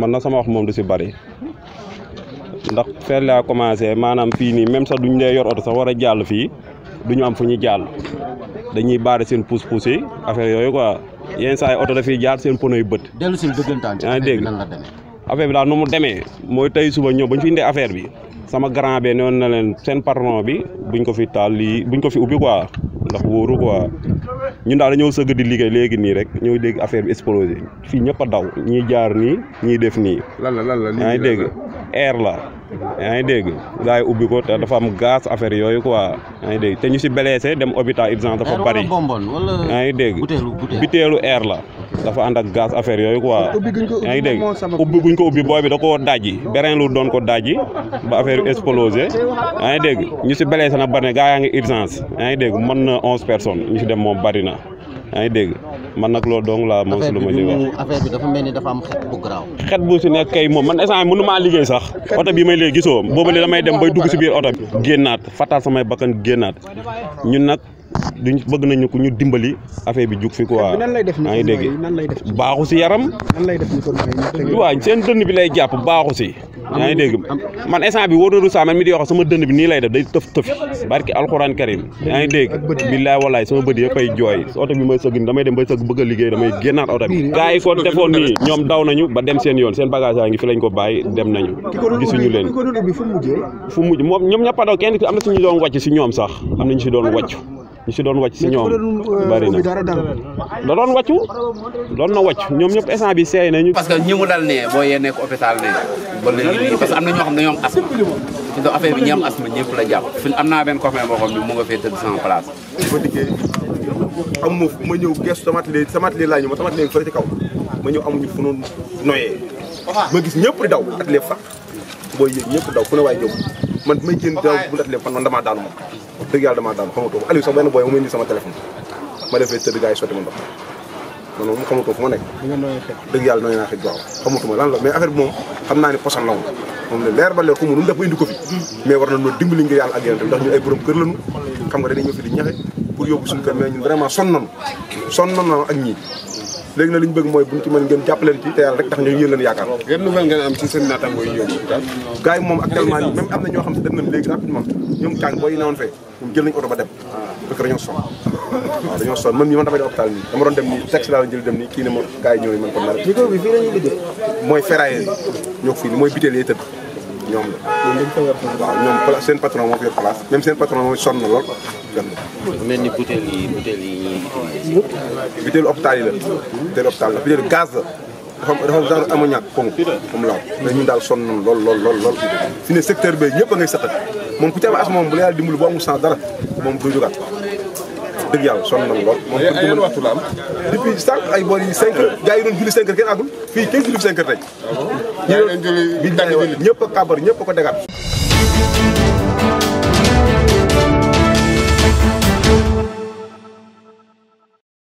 man na sama wax moom du si bari ndax fee laa commencé maanaam fii nii même sax duñ lay yor oto sax war a jàll fii duñu am fu ñuy jàll dañuy baare seen pousse-pousse yi affaire yooyu quoi yenn saa yi da dafiy jaar seen pono yu bët. dellu si dëggantaan yaa ngi dégg affaire bi daal nu mu demee mooy tey suba ñëw bañ fi indee affaire bi sama grand bee ne na leen seen patron bi buñ ko fi taal lii buñ ko fi ubbi quoi. ndax wóoru quoi ñun daal dañoo sëgg di liggéey léegi nii rek ñoo dégg affaire bi explosé fii ñëpp daw ñii jaar nii ñii def nii. lan la lan la lii dégg air la. yaa ngi dégg gars yi ubbi ko te dafa am gaz affaire yooyu quoi yaa ngi dégg te ñu si blessé dem hôpital urgence dafa bari yaa ngi dégg biteelu air la dafa ànd ak gaz affaire yooyu quoi yaa ngi dégg ubbi guñ ko ubbi booy bi da ko dajji beneen lu doon ko dajji ba affaire yu explosé yaa ngi dégg ñu si blessé na bari na gars yaa ngi urgence yaa ngi dégg mën na onze personnes ñu si dem moom bari na yaa ngi dégg man nag loolu dong laa moom si lu ma di wax affaire bi dafa mel ni dafa am xet bu garaaw xet bu si nekk kay moom man instant mënu liggéey sax oto bi may léegi gisoo boobu li damay dem bay dugg si biir oto bi génnaat fataal samay bakkan génnaat ñun nag duñ bëgg nañu ko ñu dimbali affaire bi jug fi quoi maa ngi dégg baaxu si yaram waaw seen dënn bi lay jàpp baaxu si yaa ngi dégg man instant bi wóor na Roussa man mi di wax sama dënd bi nii lay def day tëf tëf barki alxuraan karim yaa ngi dégg billaay walaay sama bët yëpp ay jooy oto bi may sëgg ni damay dem bay sëgg bëgg a liggéey damay génnaat oto bi gars yi ko defoon nii ñoom daw nañu ba dem seen yoon seen bagage yaa ngi fi lañ ko bàyyi dem nañu gisuñu leen fu mujj moom ñoom ñappa daw kenn am na suñu doon wàcc si ñoom sax am nañu si doon wàcc ñu si doon wàcc si ñoom euh, bari na da na wàcc ñëpp instant bi seey parce que ñi mu dal nee boo yee nekk hôpital nee ba léegi parce que am ñëpp ma ma ñëw gestu sama atelier sama atelier laa ñëw ma sama atelier fële ci daw fa booy yëg ñëpp daw fu ne waay jóg. man may génn daaw bu ndax lépp man man damaa daanu moom dëgg yàlla damaa daanu xamatoo Aliou sax benn booy mu may indi sama téléphone ma defee tëdd gars yi moom xamatoo lan la mais affaire bi moom xam naa ne posan la moom moom la leer ba leer xamu nu mu def ba indi ko fi mais war nañoo dimbali ngir yàlla ak yéen tamit ñu ay borom kër lañu xam nga dañuy ñëw fi di ñaxe pour yóbbu suñu kër mais ñun vraiment sonn nañu sonn nañu ak ñii léegi nag li ñu bëgg mooy bu ñu ci mën ngeen jàppaleen ci te yàlla rek tax ñu yéen leen yaakaar yi moom actuellement ni am na ñoo xam ne dem nañ léegi rapidement ñoom tàng booy newoon fee ñoom jël nañ oto ba dem parce que dañoo sonn waaw dañoo man mii man damay dem hôpital nii dama doon dem nii taxi laa jël dem nii kii ne ma gars yi ñëw man ko nar mooy ferraille yi ñoo ko mooy biteel yi tëdd ñoom la. waaw ñoom place seen patron moo fi yor place seen patron mooy son na lool gën na. mel ni butéel yi butéel yi ñuy utiliser. butéelu hôpital yi la. butéelu hôpital la butéelu gaz la. dafa dafa genre ammoniac ponk moom laaw da ñun daal son nañ lool lool lool lool fi ne secteur bi ñëpp a ngay moom ku ci am as moom bu la yàlla dimbali boo amul sans dara moom du jógaat dëgg yàlla sonn na lool moom pour ñu mën waxtu la am depuis ay boor yi cinq heures gars yi kenn àggul fii kenn julli cinq heures tey ah ñëpp a kàbbar ñëpp a ko degaat